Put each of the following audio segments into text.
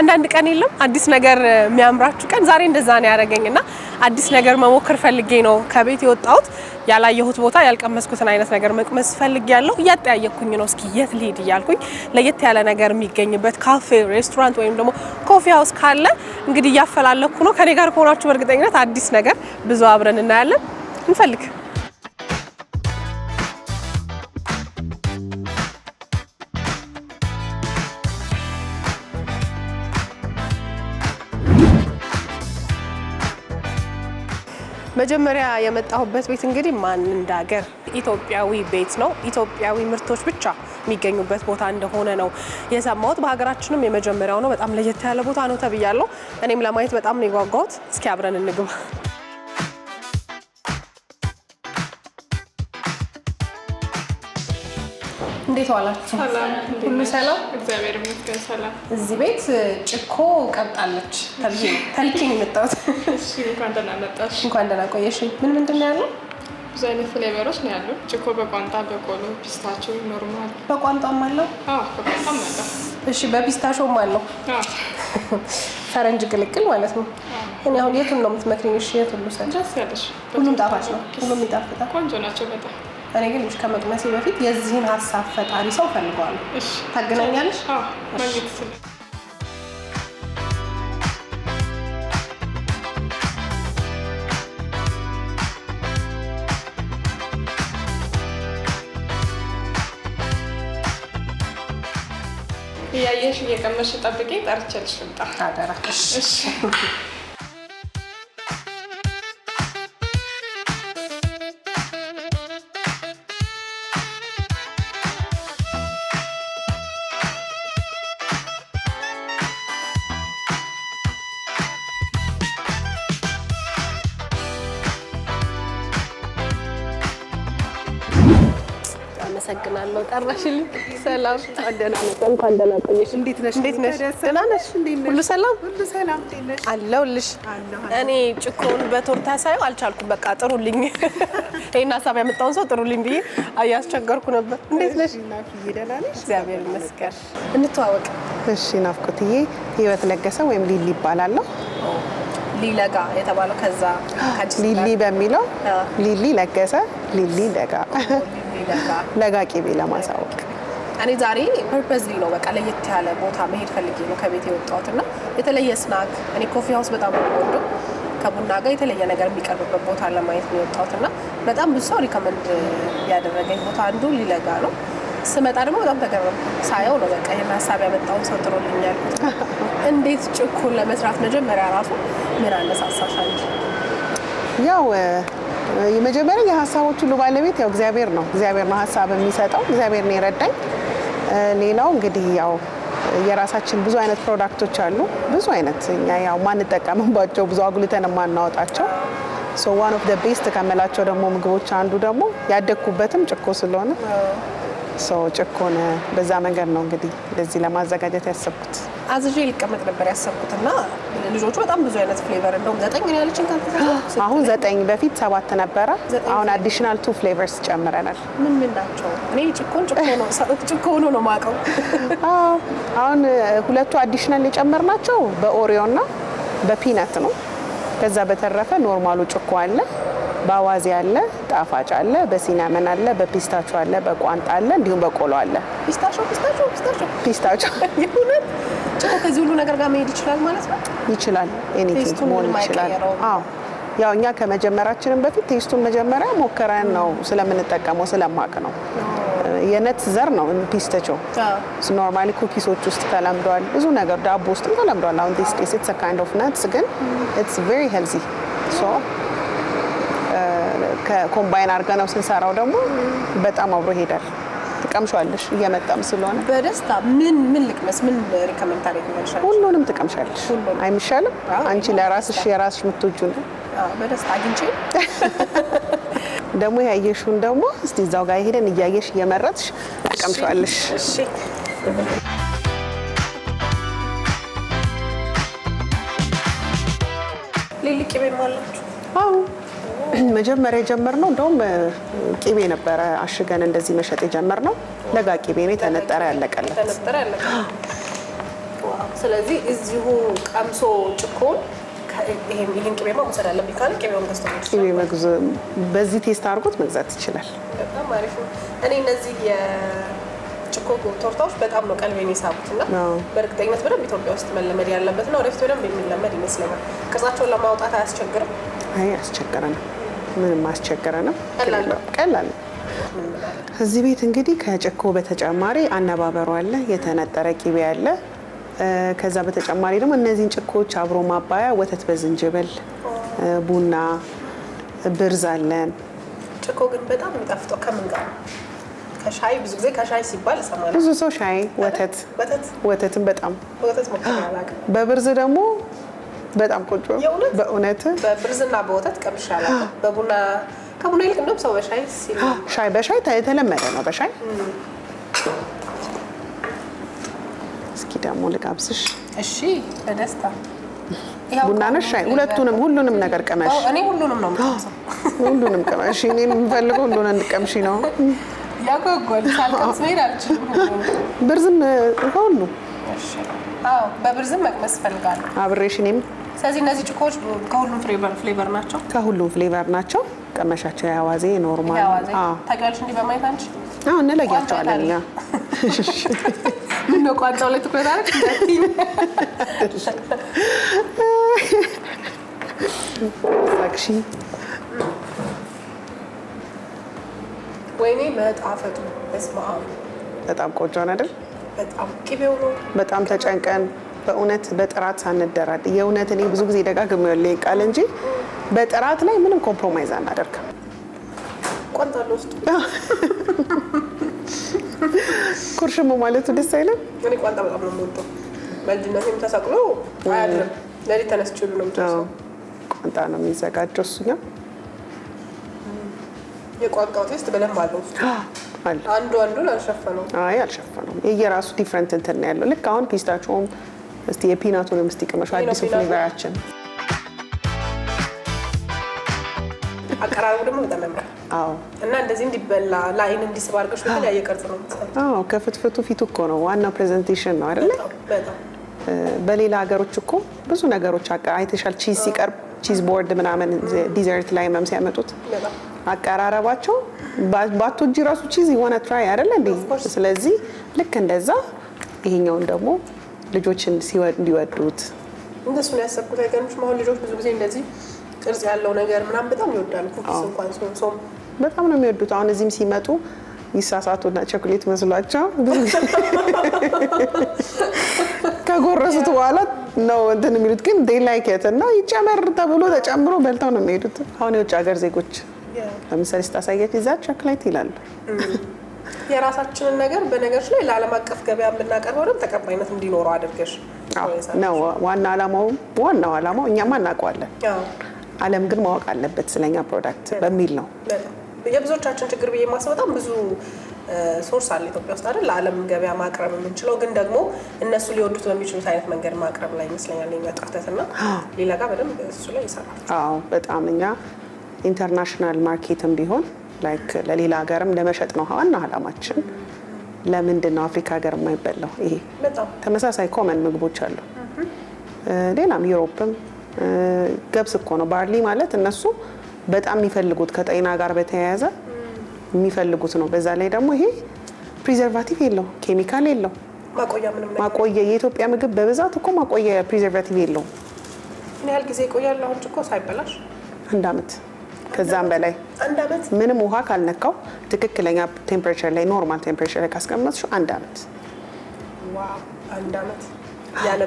አንዳንድ ቀን የለም አዲስ ነገር የሚያምራችሁ ቀን። ዛሬ እንደዛ ነው ያደረገኝ እና አዲስ ነገር መሞከር ፈልጌ ነው ከቤት የወጣሁት። ያላየሁት ቦታ ያልቀመስኩትን አይነት ነገር መቅመስ ፈልጌ ያለሁ እያጠያየኩኝ ነው። እስኪ የት ልሄድ እያልኩኝ ለየት ያለ ነገር የሚገኝበት ካፌ፣ ሬስቶራንት ወይም ደግሞ ኮፊ ሀውስ ካለ እንግዲህ እያፈላለኩ ነው። ከኔ ጋር ከሆናችሁ በእርግጠኝነት አዲስ ነገር ብዙ አብረን እናያለን። እንፈልግ መጀመሪያ የመጣሁበት ቤት እንግዲህ ማን እንዳገር ኢትዮጵያዊ ቤት ነው። ኢትዮጵያዊ ምርቶች ብቻ የሚገኙበት ቦታ እንደሆነ ነው የሰማሁት። በሀገራችንም የመጀመሪያው ነው። በጣም ለየት ያለ ቦታ ነው ተብያለሁ። እኔም ለማየት በጣም ነው የጓጓሁት። እስኪ አብረን እንግባ። እንዴት ዋላችሁ? ሁሉ ሰላም? እግዚአብሔር ይመስገን ሰላም። እዚህ ቤት ጭኮ ቀብጣለች ተልኬ ነው የመጣሁት። እንኳን ደህና መጣሽ። እንኳን ደህና ቆየሽ። ምን ምንድን ነው ያለው? ብዙ አይነት ፍሌቨሮች ነው ያሉ ጭኮ በቋንጣ፣ በቆሎ፣ ፒስታቾ ኖርማል። በቋንጣም አለው? በቋንጣም አለው። እሺ በፒስታቸውም አለው። ፈረንጅ ቅልቅል ማለት ነው። እኔ አሁን የቱን ነው የምትመክሪኝ? እሺ የቱን ልውሰድ? ሁሉም ጣፋጭ ነው። ሁሉም ይጣፍጣል። ቆንጆ ናቸው በጣም እኔ ግን ልጅ ከመቅመሴ በፊት የዚህን ሀሳብ ፈጣሪ ሰው ፈልገዋለሁ። ታገናኛለሽ? እያየሽ እየቀመሽ ጠብቄ ጠርቼልሽ ልምጣ። አመሰግናለሁ። ጠራሽልኝ። ሰላም ደህና ነሽ? እንኳን ደህና ቆየሽ። እንዴት ነሽ? እንዴት ነሽ? ደህና ነሽ? ሁሉ ሰላም? ሁሉ ሰላም አለሁልሽ። እኔ ጭኮውን በቶርታ ሳየው አልቻልኩም። በቃ ጥሩልኝ፣ ይሄን ሀሳብ ያመጣውን ሰው ጥሩልኝ ብዬ እያስቸገርኩ ነበር። እንዴት ነሽ? ደህና ነሽ? እግዚአብሔር ይመስገን። እንተዋወቅ። እሺ። ናፍቆትዬ ህይወት ለገሰ ወይም ሊሊ ይባላለሁ። ሊለጋ የተባለው ከዛ ሊሊ በሚለው ሊሊ ለገሰ ሊሊ ለጋ ለጋ ቂቤ ለማሳወቅ እኔ ዛሬ ፐርፐዝሊ ነው በቃ ለየት ያለ ቦታ መሄድ ፈልጌ ነው ከቤት የወጣሁት እና የተለየ ስናክ እኔ ኮፊ ሀውስ በጣም ነው ከቡና ጋር የተለየ ነገር የሚቀርብበት ቦታ ለማየት ነው የወጣሁት እና በጣም ብዙ ሰው ሪከመንድ ያደረገኝ ቦታ አንዱ ሊለጋ ነው። ስመጣ ደግሞ በጣም ተገረም ሳየው ነው በቃ ይህን ሀሳብ ያመጣውን ሰው ጥሮልኛል። እንዴት ጭኩን ለመስራት መጀመሪያ ራሱ ምን አነሳሳሻል? ያው የመጀመሪያ የሀሳቦች ሁሉ ባለቤት ያው እግዚአብሔር ነው። እግዚአብሔር ነው ሀሳብ የሚሰጠው፣ እግዚአብሔር ነው የረዳኝ። ሌላው እንግዲህ ያው የራሳችን ብዙ አይነት ፕሮዳክቶች አሉ። ብዙ አይነት እኛ ያው ማንጠቀምባቸው ብዙ አጉልተን የማናወጣቸው ሶ ዋን ኦፍ ደ ቤስት ከመላቸው ደግሞ ምግቦች አንዱ ደግሞ ያደግኩበትም ጭኮ ስለሆነ ሰው ጭኮነ በዛ መንገድ ነው እንግዲህ ለዚህ ለማዘጋጀት ያሰብኩት። አዝዤ ሊቀመጥ ነበር ያሰብኩት እና ልጆቹ በጣም ብዙ አይነት ፍሌቨር እንደውም ዘጠኝ ነው ያለችን አሁን ዘጠኝ፣ በፊት ሰባት ነበረ። አሁን አዲሽናል ቱ ፍሌቨርስ ጨምረናል። ምን ምን ናቸው? እኔ ጭኮን ጭኮ ሆኖ ነው ማቀው። አሁን ሁለቱ አዲሽናል የጨመር ናቸው በኦሪዮ እና በፒነት ነው። ከዛ በተረፈ ኖርማሉ ጭኮ አለ። በአዋዜ አለ፣ ጣፋጭ አለ፣ በሲናመን አለ፣ በፒስታቾ አለ፣ በቋንጣ አለ፣ እንዲሁም በቆሎ አለ። ፒስታቾ ፒስታቾ ጭቆ ከዚህ ሁሉ ነገር ጋር መሄድ ይችላል ማለት ነው። ይችላል፣ ኤኒቲንግ መሆን ይችላል። አዎ ያው እኛ ከመጀመራችንም በፊት ቴስቱን መጀመሪያ ሞከረን ነው ስለምንጠቀመው ስለማቅ ነው። የነት ዘር ነው ፒስተቾ። ኖርማሊ ኩኪሶች ውስጥ ተለምዷል፣ ብዙ ነገር ዳቦ ውስጥም ተለምዷል። አሁን ቴስት ኢትስ ካይንድ ኦፍ ነትስ ግን ኢትስ ቬሪ ሄልዚ ሶ ከኮምባይን አድርገ ነው ስንሰራው ደግሞ በጣም አብሮ ይሄዳል። ትቀምሻለሽ እየመጣም ስለሆነ በደስታ ምን ምን ልቅመስ ምን ሪከመንታሪ ታደርጊያለሽ? ሁሉንም ትቀምሻለሽ። አይምሻልም? አንቺ ለራስሽ የራስሽ የምትወጁ ነው። በደስታ አግኝቼ ደግሞ ያየሽውን ደግሞ እስቲ እዛው ጋር ሄደን እያየሽ እየመረጥሽ ትቀምሻለሽ። እሺ ሌሊቅ ቤት ማላችሁ? መጀመሪያ የጀመርነው እንደውም ቂቤ ነበረ አሽገን እንደዚህ መሸጥ የጀመርነው። ለጋ ቂቤ ነው የተነጠረ ያለቀለት። ስለዚህ እዚሁ ቀምሶ ጭኮን ቅቤ መውሰድ በዚህ ቴስት አድርጎት መግዛት ይችላል። በጣም አሪፍ ነው። እኔ እነዚህ ጭኮ ቶርታዎች በጣም ነው ቀልቤን የሳቡት እና በእርግጠኝነት በደንብ ኢትዮጵያ ውስጥ መለመድ ያለበት ነው። ወደፊት በደንብ የሚለመድ ይመስለኛል። ቅርጻቸውን ለማውጣት አያስቸግርም? አይ አስቸግረንም። ምንም አስቸገረንም፣ ቀላል ነው። እዚህ ቤት እንግዲህ ከጭኮ በተጨማሪ አነባበሩ አለ፣ የተነጠረ ቂቤ አለ። ከዛ በተጨማሪ ደግሞ እነዚህን ጭኮች አብሮ ማባያ ወተት በዝንጅብል ቡና፣ ብርዝ አለን። ጭኮ ግን በጣም የሚጣፍጠው ከምን ጋር ነው? ከሻይ ብዙ ጊዜ ከሻይ ሲባል እሰማለሁ። ብዙ ሰው ሻይ ወተት ወተትን በጣም በብርዝ ደግሞ በጣም ቆንጆ በእውነት በብርዝና በወተት ቀምሼ አላውቅም። በቡና ከቡና ይልቅ እንደውም ሰው በሻይ ሻይ በሻይ የተለመደ ነው። በሻይ እስኪ ደግሞ ልጋብዝሽ። እሺ፣ በደስታ ቡና ነሽ ሻይ? ሁለቱንም ሁሉንም ነገር ቀመሽ? እኔ ሁሉንም ነው ሁሉንም ቀመሽ። እኔ የምፈልገው ሁሉን እንድቀምሽ ነው። ያጓጓል። ሳልቀምስ መሄድ አልችልም። ብርዝም ከሁሉ በብርዝም መቅመስ እፈልጋለሁ አብሬሽ እኔም። ስለዚህ እነዚህ ጭኮዎች ከሁሉም ፍሌቨር ናቸው፣ ከሁሉም ፍሌቨር ናቸው። ቀመሻቸው የአዋዜ ኖርማል ታውቂዋለሽ። እንዲህ በማየት አንቺ እንለያቸዋለን። ምነው ቋንጫው ላይ ትኩረት ወይኔ መጣፈጡ በስመ አብ በጣም ቆንጆ አይደል? በጣም ተጨንቀን በእውነት በጥራት ሳንደራድ የእውነት እኔ ብዙ ጊዜ ደጋግሞ ያለኝ ቃል እንጂ በጥራት ላይ ምንም ኮምፕሮማይዝ አናደርግም። ኩርሽሙ ማለቱ ደስ አይለም። ቋንጣ በጣም ነው በልጅነቴም ተሰቅሎ አያድርም። ለሊት ተነስቼ ሁሉ ነው የምትወስደው። ቋንጣ ነው የሚዘጋጀው እሱኛ። የቋንቋው ቴስት በደንብ አለው አለ። አንዱ አንዱን አልሸፈነውም። አይ አልሸፈነውም። የየራሱ ዲፍረንት እንትን ነው ያለው። ልክ አሁን ፒስታቸውም እስቲ የፒናቱንም እስቲ ቅመሹ። አዲሱ ፍሌቨራችን አቀራረቡ ደግሞ በጣም ያምራል። እና እንደዚህ እንዲበላ ለአይን እንዲስብ አድርገሽ በተለያየ ቅርጽ ነው። አዎ ከፍትፍቱ ፊቱ እኮ ነው ዋናው ፕሬዘንቴሽን ነው አይደለ? በሌላ ሀገሮች እኮ ብዙ ነገሮች አይተሻል። ቺዝ ሲቀርብ ቺዝ ቦርድ ምናምን ዲዘርት ላይ ምናምን ሲያመጡት አቀራረባቸው ባቶጂ ራሱ ቺዝ የሆነ ትራይ አይደለ እንዴ? ስለዚህ ልክ እንደዛ ይሄኛውን ደግሞ ልጆችን እንዲወዱት እንደሱ ነው ያሰብኩት። አይገርምሽ? አሁን ልጆች ብዙ ጊዜ እንደዚህ ቅርጽ ያለው ነገር ምናምን በጣም ይወዳሉ። ኩኪስ እንኳን ሲሆን ሶም በጣም ነው የሚወዱት። አሁን እዚህም ሲመጡ ይሳሳቱና ቸኮሌት መስሏቸው ከጎረሱት በኋላ ነው እንትን የሚሉት ግን ዴይ ላይክ የት እና ይጨመር ተብሎ ተጨምሮ በልተው ነው የሚሄዱት። አሁን የውጭ ሀገር ዜጎች ለምሳሌ ስታሳያች እዛ ቸክሌት ይላል። የራሳችንን ነገር በነገሮች ላይ ለዓለም አቀፍ ገበያ የምናቀርበው ደግሞ ተቀባይነት እንዲኖረው አድርገሽ ነው። ዋና ዓላማው ዋናው ዓላማው እኛማ እናውቀዋለን፣ ዓለም ግን ማወቅ አለበት ስለኛ ፕሮዳክት በሚል ነው። የብዙዎቻችን ችግር ብዬ የማስበው በጣም ብዙ ሶርስ አለ ኢትዮጵያ ውስጥ አይደል? ለዓለም ገበያ ማቅረብ የምንችለው ግን ደግሞ እነሱ ሊወዱት በሚችሉት አይነት መንገድ ማቅረብ ላይ ይመስለኛል የኛ ጥፍተትና ሌላ ጋር በደንብ እሱ ላይ ይሰራል። አዎ በጣም እኛ ኢንተርናሽናል ማርኬትም ቢሆን ላይክ ለሌላ ሀገርም ለመሸጥ ነው ዋና አላማችን። ለምንድን ነው አፍሪካ ሀገር የማይበላው? ይሄ ተመሳሳይ ኮመን ምግቦች አሉ። ሌላም ዩሮፕም ገብስ እኮ ነው ባርሊ ማለት እነሱ በጣም የሚፈልጉት ከጤና ጋር በተያያዘ የሚፈልጉት ነው። በዛ ላይ ደግሞ ይሄ ፕሪዘርቫቲቭ የለው፣ ኬሚካል የለው፣ ማቆየ የኢትዮጵያ ምግብ በብዛት እኮ ማቆየ ፕሪዘርቫቲቭ የለውም። ምን ያህል ጊዜ ይቆያል? አሁን ሳይበላሽ አንድ አመት ከዛም በላይ ምንም ውሃ ካልነካው ትክክለኛ ቴምፕሬቸር ላይ ኖርማል ቴምፕሬቸር ላይ ካስቀመጥሽው አንድ አመት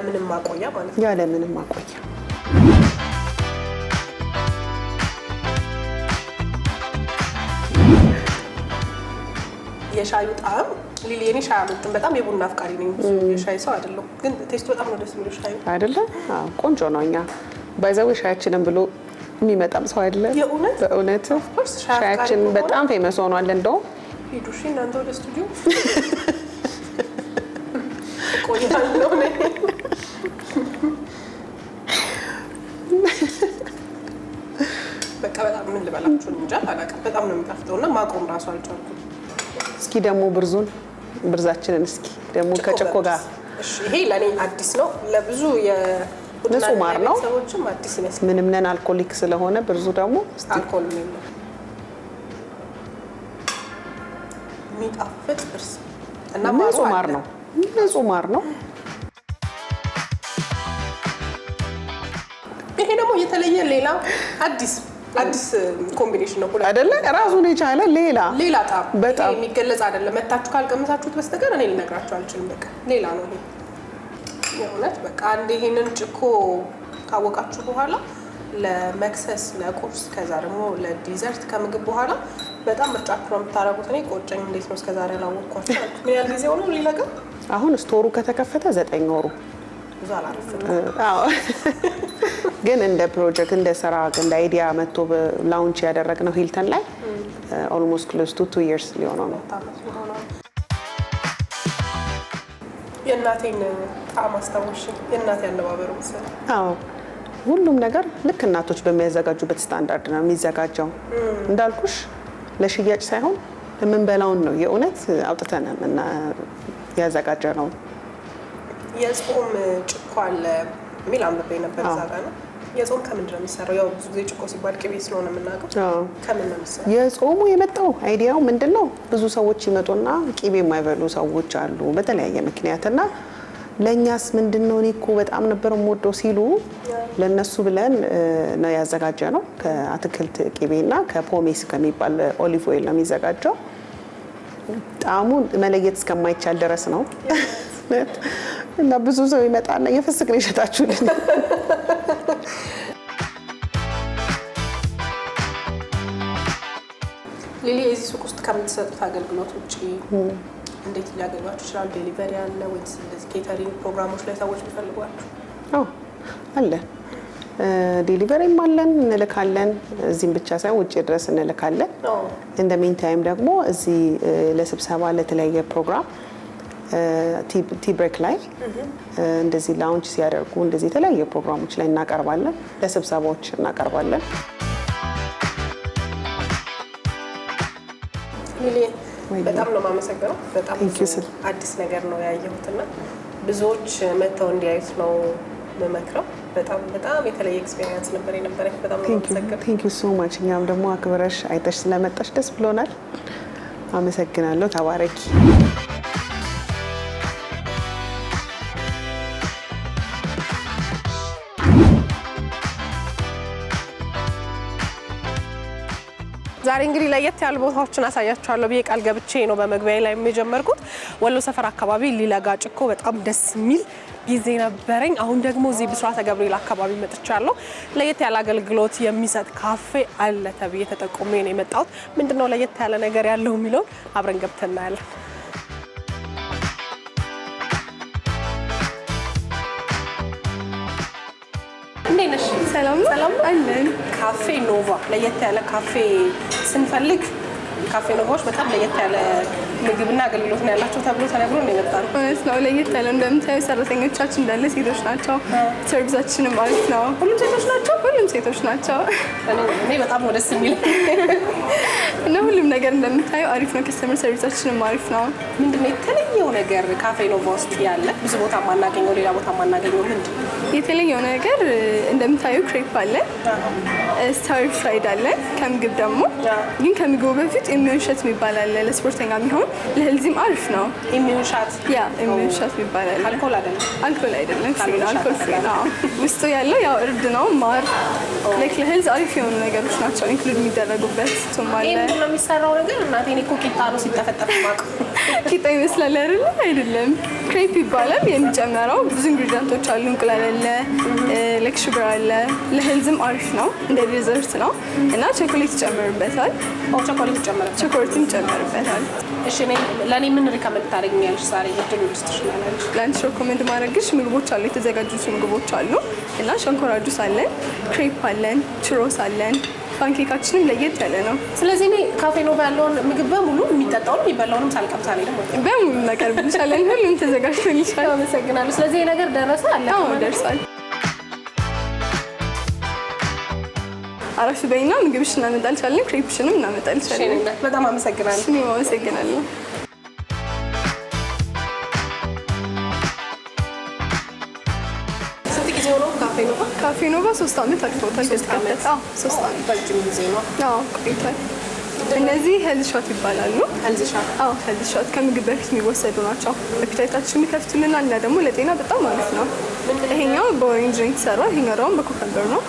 ምንም ማቆያ ማለት ነው። ያለምንም ማቆያ የሻዩ ጣዕም ሊሊ፣ የኔ ሻይ አልወድም። በጣም የቡና አፍቃሪ ነኝ። የሻይ ሰው አይደለሁም፣ ግን ቴስቱ በጣም ነው ደስ የሚለው ሻዩ አይደለ? ቆንጆ ነው። እኛ ባይዘዌ ሻያችንን ብሎ የሚመጣም ሰው አለ። በእውነት ሻያችን በጣም ፌመስ ሆኗል። እንደውም ሂዱ እሺ፣ እናንተ ወደ ስቱዲዮ ቆያለሁ። በቃ በጣም ምን ልበላችሁ እንጃ አላውቅም። በጣም ነው የሚጣፍጠው እና ማቆም ራሱ አልቻልኩም። እስኪ ደግሞ ብርዙን ብርዛችንን እስኪ ደግሞ ከጨኮ ጋር ይሄ ለእኔ አዲስ ነው ለብዙ ንጹህ ማር ነው። ምንም ነን አልኮሊክ ስለሆነ ብርዙ ደግሞ ንጹህ ማር ነው። ንጹህ ማር ነው። ይሄ ደግሞ የተለየ ሌላ አዲስ አዲስ ኮምቢኔሽን ነው አይደለ? ራሱን የቻለ ሌላ ሌላ ጣም በጣም የሚገለጽ አይደለም። መታችሁ ካልቀመሳችሁት በስተቀር እኔ ልነግራችሁ አልችልም። በቃ ሌላ ነው ይሄ የእውነት በቃ አንድ ይሄንን ጭኮ ካወቃችሁ በኋላ ለመክሰስ፣ ለቁርስ ከዛ ደግሞ ለዲዘርት ከምግብ በኋላ በጣም ምርጫችሁ ነው የምታደርጉት። እኔ ቆጨኝ፣ እንዴት ነው እስከዛሬ አላወቅኳቸው? ምን ያህል ጊዜ ሆኖ ሊለቀም? አሁን ስቶሩ ከተከፈተ ዘጠኝ ወሩ ግን እንደ ፕሮጀክት እንደ ስራ እንደ አይዲያ መጥቶ ላውንች ያደረግነው ሂልተን ላይ ኦልሞስት ክሎስ ቱ ቱ ይርስ ሊሆነው ነው። የእናቴን ጣዕም አስታወሽ። የእናቴ አነባበሩ መሰለኝ። አዎ ሁሉም ነገር ልክ እናቶች በሚያዘጋጁበት ስታንዳርድ ነው የሚዘጋጀው። እንዳልኩሽ ለሽያጭ ሳይሆን የምንበላውን ነው የእውነት አውጥተን ያዘጋጀ ነው። የጾም ጭኮ አለ የሚል አንብቤ ነበር እዛ ጋ ነው የጾም ከምንድን ነው የሚሰራው? ያው ብዙ ጊዜ ጭቆ ሲባል ቅቤ ስለሆነ የምናውቀው ከምን ነው የሚሰራው? የጾሙ የመጣው አይዲያው ምንድን ነው? ብዙ ሰዎች ይመጡና ቅቤ የማይበሉ ሰዎች አሉ በተለያየ ምክንያት እና ለእኛስ ምንድን ነው እኔ እኮ በጣም ነበር የምወደው ሲሉ ለእነሱ ብለን ነው ያዘጋጀ ነው። ከአትክልት ቅቤና ከፖሜስ ከሚባል ኦሊቭ ኦይል ነው የሚዘጋጀው። ጣዕሙን መለየት እስከማይቻል ድረስ ነው እና ብዙ ሰው ይመጣና የፍስክ ነው ይሸጣችሁልን ሌላ የዚህ ሱቅ ውስጥ ከምትሰጡት አገልግሎት ውጭ እንዴት ሊያገኟችሁ ይችላል? ዴሊቨሪ አለ ወይስ እንደዚህ ኬተሪንግ ፕሮግራሞች ላይ ሰዎች ቢፈልጓችሁ? አለ ዴሊቨሪም አለን እንልካለን። እዚህም ብቻ ሳይሆን ውጭ ድረስ እንልካለን። እንደ ሜንታይም ደግሞ እዚህ ለስብሰባ ለተለያየ ፕሮግራም ቲ ብሬክ ላይ እንደዚህ ላውንች ሲያደርጉ እንደዚህ የተለያየ ፕሮግራሞች ላይ እናቀርባለን። ለስብሰባዎች እናቀርባለን። ሚሊየን በጣም ነው የማመሰግነው። በጣም አዲስ ነገር ነው ያየሁትና ብዙዎች መጥተው እንዲያዩት ነው የምመክረው። በጣም በጣም የተለየ ኤክስፔሪንስ ነበር የነበረኝ። በጣም ነው ቴንክ ዩ ሶ ማች። እኛም ደግሞ አክብረሽ አይተሽ ስለመጣሽ ደስ ብሎናል። አመሰግናለሁ። ተባረኪ። ዛሬ እንግዲህ ለየት ያሉ ቦታዎችን አሳያችኋለሁ ብዬ ቃል ገብቼ ነው በመግቢያ ላይ የጀመርኩት። ወሎ ሰፈር አካባቢ ሊለጋ ጭኮ በጣም ደስ የሚል ጊዜ ነበረኝ። አሁን ደግሞ እዚህ ብስራተ ገብርኤል አካባቢ መጥቻለሁ። ለየት ያለ አገልግሎት የሚሰጥ ካፌ አለ ተብዬ ተጠቁሜ ነው የመጣሁት። ምንድነው ለየት ያለ ነገር ያለው የሚለውን አብረን ገብተን እናያለን። እንዴት ነሽ? ሰላም ሰላም አለን። ካፌ ኖቫ ለየት ያለ ካፌ ስንፈልግ ካፌ ኖቫዎች በጣም ለየት ያለ ምግብና አገልግሎት ነው ያላቸው ተብሎ ተነግሮ ነው የመጣ እውነት ነው፣ ለየት ያለ እንደምታየው ሰራተኞቻችን እንዳለ ሴቶች ናቸው። ሰርቪሳችንም አሪፍ ነው። ሁሉም ሴቶች ናቸው። ሁሉም ሴቶች ናቸው። እኔ በጣም ደስ የሚል እና ሁሉም ነገር እንደምታየው አሪፍ ነው። ከስተመር ሰርቪሳችንም አሪፍ ነው። ምንድነው የተለየ የተለየው ነገር ካፌ ኖቫ ውስጥ ያለ ብዙ ቦታ ማናገኘው ሌላ ቦታ ማናገኘው ምንድን ነው? የተለየው ነገር እንደምታዩ ክሬፕ አለ፣ ስታር ፍራይድ አለ። ከምግብ ደግሞ ግን ከምግቡ በፊት ኢሚንሸት የሚባል አለ። ለስፖርተኛ የሚሆን ለህልዚም አሪፍ ነው። ኢሚዩንሻት ያ ኢሚዩንሻት የሚባል አለ። አልኮል አይደለም፣ አልኮል አይደለም፣ አልኮል ፍሪ ነው። ውስጡ ያለው ያው እርድ ነው ማር ላይክ ለሄልዝ አሪፍ የሆኑ ነገሮች ናቸው ኢንክሉድ የሚደረጉበት። ቱማለ ይህ ነው የሚሰራው ነገር እናቴ እኔ እኮ ቂጣ ነው ሲጠፈጠፍ ማቅ ኪጣ ይመስላል አይደለ? አይደለም፣ ክሬፕ ይባላል። የሚጨመረው ብዙ ኢንግሪዲየንቶች አሉ። እንቁላል አለ፣ ላይክ ሹገር አለ። ለሄልዝም አሪፍ ነው፣ እንደ ዴዘርት ነው እና ቸኮሌት ይጨመርበታል። ቸኮሌት ይጨመርበታል፣ ቸኮሌትም ይጨመርበታል። እሺ ለእኔ ምን ሪከመንድ ታደርጊኛለሽ? ዛሬ ድል ውስጥ ትችላለች። ለአንቺ ሪኮመንድ ማድረግሽ ምግቦች አሉ፣ የተዘጋጁት ምግቦች አሉ እና ሸንኮራ ጁስ አለን፣ ክሬፕ አለ አለን፣ ችሮስ አለን። ፓንኬካችንም ለየት ያለ ነው። ስለዚህ እኔ ካፌ ኖቫ ያለውን ምግብ በሙሉ የሚጠጣውን የሚበላውንም ሳልቀምሳ ሄደ በሙሉ እናቀርብልሻለን። ሁሉም ተዘጋጅቶ ተዘጋጅቶልሻል። አመሰግናለሁ። ስለዚህ ነገር ደረሰ አለ ደርሷል። አረፍ በይና ምግብሽ እናመጣልሻለን። ክሬፕሽንም እናመጣልሻለን። በጣም አመሰግናለሁ። አመሰግናለሁ። ካፌ ኖቫ ሶስት ዓመት አልፎታል። ከተከፈተ ሶስት ዓመት በእጅም ጊዜ ነው ቆይቷል። እነዚህ ሄልዝ ሾት ይባላሉ። ሄልዝ ሾት ከምግብ በፊት የሚወሰዱ ናቸው። አፒታይታችን የሚከፍቱልናል እና ደግሞ ለጤና በጣም አሪፍ ነው። ይሄኛው በኦሬንጅ ነው የተሰራው። ይሄኛው ደግሞ በኮከምበር ነው።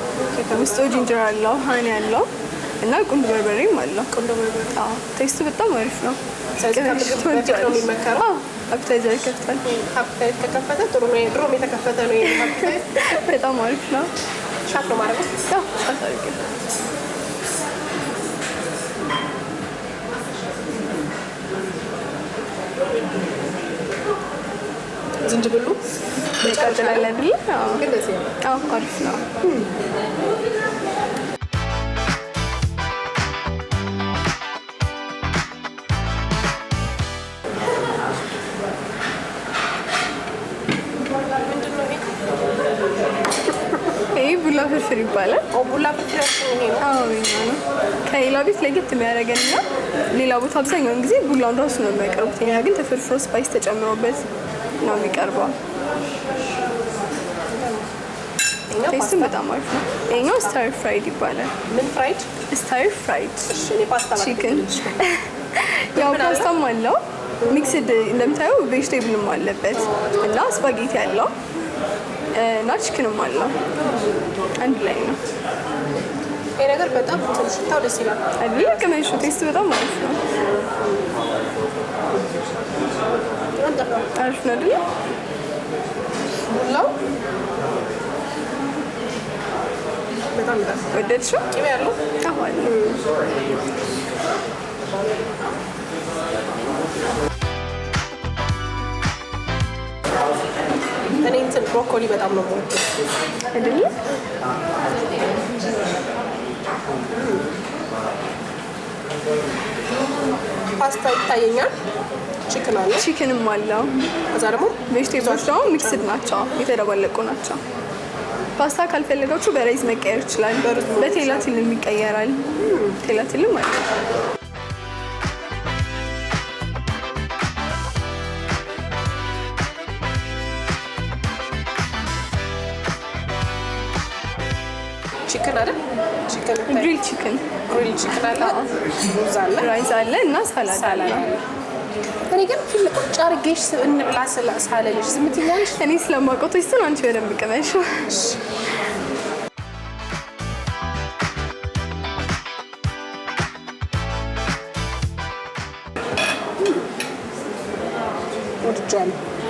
ውስጡ ጂንጀር አለው፣ ሀኒ አለው እና ቁንዶ በርበሬም አለው። ቴስቱ በጣም አሪፍ ነው። አፕታይዘር ይከፍታል። አፕታይዘር ከከፈተ ጥሩ ነው። ድሮም የተከፈተ ነው። በጣም አሪፍ ነው። ሻፕ ነው ማድረግ ነው። ዝንጅብሉ ይቀጥላል አይደል? አሪፍ ነው። ቡላ ፍርፍር ይባላል። ቡላ ፍርፍር ከሌላ ቤት ለየት የሚያደርገን እና ሌላ ቦታ አብዛኛውን ጊዜ ቡላውን ራሱ ነው የሚያቀርቡት። እኛ ግን ተፈርፍሮ ስፓይስ ተጨምሮበት ነው የሚቀርበው። ቴስቱም በጣም አሪፍ ነው። ይሄኛው ስታር ፍራይድ ይባላል። ምን ፍራይድ? ስታር ፍራይድ ቺክን። ያው ፓስታም አለው ሚክስድ እንደምታየው ቬጅቴብልም አለበት እና ስፓጌቲ አለው እና ክንም አለው አንድ ላይ ነው። ይሄ ነገር በጣም ሽታው ደስ ይላል። ቅመሹ ቴስት በጣም ማለት ነው አሪፍ ነው አይደለ? ሁላው በጣም ወደድሽው? ቅቤ ያለው ብሮኮሊ በጣም ነው ሞት አይደል? ፓስታ ይታየኛል። ቺክን አለ፣ ቺክንም አለው። ከዛ ደግሞ ቬጅቴብሎች ደግሞ ሚክስድ ናቸው፣ የተደባለቁ ናቸው። ፓስታ ካልፈለጋችሁ በራይዝ መቀየር ይችላል። በቴላቲልም ይቀየራል። ቴላቲልም አለ። ግሪል ቺክን ግሪል ቺክን አለ፣ ሩዝ አለ፣ ራይስ አለ እና ሳላድ አለ። እኔ ግን ቁጭ አድርጌሽ እንብላ ሳለልሽ ዝም ትያለሽ። እኔ ስለማውቀው እሱን አንቺ በደንብ ቅመሽ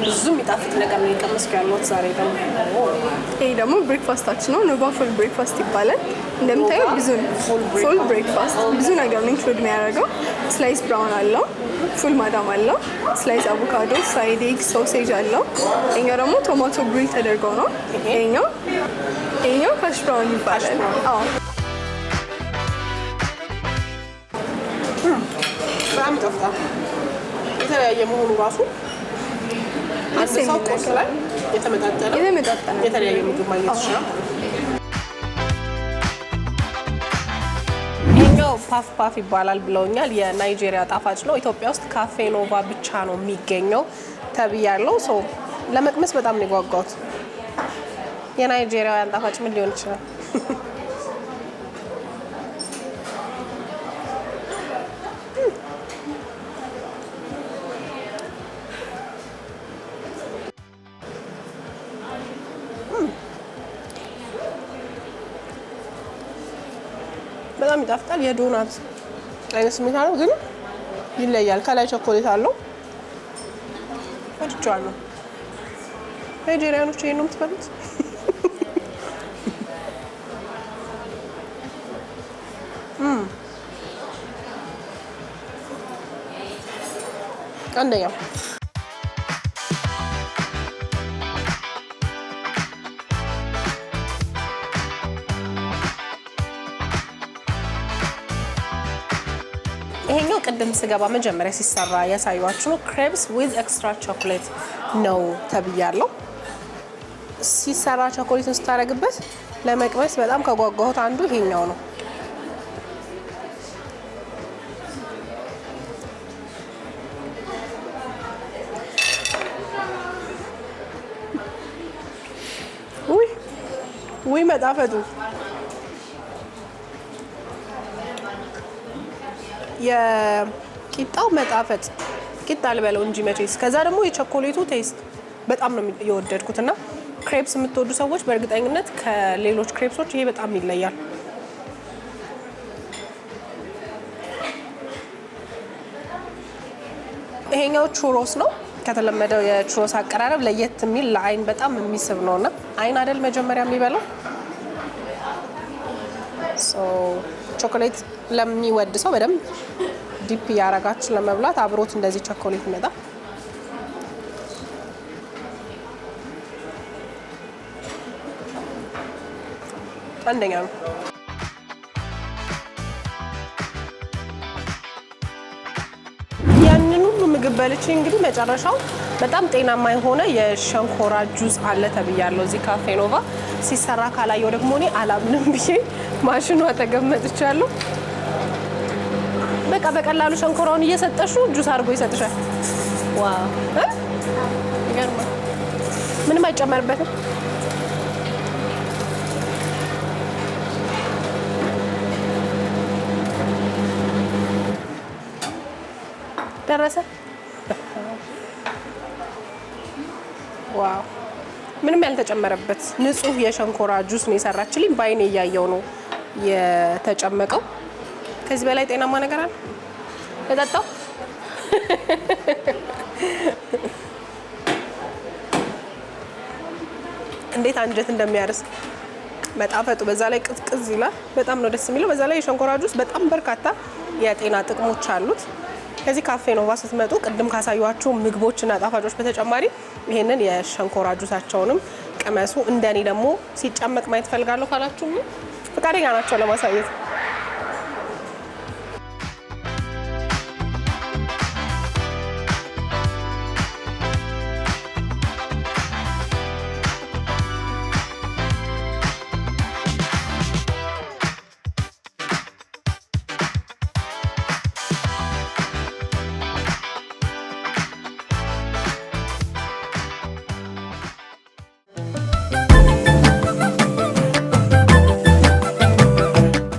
ብዙም የሚጣፍጥ ነገር ነው የቀመስኩ ያልኩት ዛሬ ደግሞ። ይሄ ደግሞ ብሬክፋስታችን ነው። ኖባ ብሬክፋስት ይባላል። እንደምታየው ብዙ ፉል ብሬክፋስት ብዙ ነገር ነው ኢንክሉድ የሚያደርገው። ስላይስ ብራውን አለው፣ ፉል ማዳም አለው፣ ስላይስ አቮካዶ፣ ፍራይድ ኤግ፣ ሶሴጅ አለው። ይኛው ደግሞ ቶማቶ ግሪል ተደርገው ነው። ይኛው ይኛው ካሽ ብራውን ይባላል። አዎ በጣም የተለያየ መሆኑ ራሱ አንድ ሰው ቆርስ ላይ የተመጣጠነ የተለያየ ምግብ ማግኘት ይችላል። ፓፍ ፓፍ ይባላል ብለውኛል። የናይጄሪያ ጣፋጭ ነው። ኢትዮጵያ ውስጥ ካፌ ኖቫ ብቻ ነው የሚገኘው ተብያለው። ሶ ለመቅመስ በጣም ነው የጓጓሁት። የናይጄሪያውያን ጣፋጭ ምን ሊሆን ይችላል? በጣም ይጣፍጣል። የዶናት አይነት ስሜት አለው ግን ይለያል። ከላይ ቸኮሌት አለው። ወድጄዋለሁ። ናይጄሪያኖች ይሄን ነው የምትበሉት? አንደኛው ቅድም ስገባ መጀመሪያ ሲሰራ ያሳዩችሁ ክሬፕስ ዊዝ ኤክስትራ ቾኮሌት ነው ተብያለው። ሲሰራ ቾኮሌትን ስታደርግበት ለመቅመስ በጣም ከጓጓሁት አንዱ ይሄኛው ነው። ውይ መጣፈጡ የቂጣው መጣፈጥ ቂጣ ልበለው እንጂ መቼስ። ከዛ ደግሞ የቸኮሌቱ ቴስት በጣም ነው የወደድኩት እና ክሬፕስ የምትወዱ ሰዎች በእርግጠኝነት ከሌሎች ክሬፕሶች ይሄ በጣም ይለያል። ይሄኛው ቹሮስ ነው። ከተለመደው የቹሮስ አቀራረብ ለየት የሚል ለአይን በጣም የሚስብ ነው እና አይን አደል መጀመሪያ የሚበላው ቾኮሌት ለሚወድ ሰው በደንብ ዲፕ እያረጋችሁ ለመብላት አብሮት እንደዚህ ቾኮሌት ይመጣ። አንደኛ ነው። ያንን ምግብ በልቼ እንግዲህ መጨረሻው በጣም ጤናማ የሆነ የሸንኮራ ጁስ አለ ተብያለሁ። እዚህ ካፌ ኖቫ ሲሰራ ካላየው ደግሞ እኔ አላምንም ብዬ ማሽኑ አጠገብ መጥቻለሁ። በቃ በቀላሉ ሸንኮራውን እየሰጠሹ ጁስ አድርጎ ይሰጥሻል። ዋው ምንም አይጨመርበትም። ደረሰ። ዋው ምንም ያልተጨመረበት ንጹህ የሸንኮራ ጁስ ነው የሰራችልኝ። በአይኔ እያየው ነው የተጨመቀው። ከዚህ በላይ ጤናማ ነገር አለ? ተጠጣው እንዴት አንጀት እንደሚያርስ መጣፈጡ በዛ ላይ ቅዝቅዝ ይላል። በጣም ነው ደስ የሚለው። በዛ ላይ የሸንኮራ ጁስ በጣም በርካታ የጤና ጥቅሞች አሉት። ከዚህ ካፌ ኖቫ ስትመጡ ቅድም ካሳዩቸው ምግቦችና ጣፋጮች በተጨማሪ ይህንን የሸንኮራ ጁሳቸውንም ቅመሱ። እንደኔ ደግሞ ሲጨመቅ ማየት ፈልጋለሁ ካላችሁ ፈቃደኛ ናቸው ለማሳየት።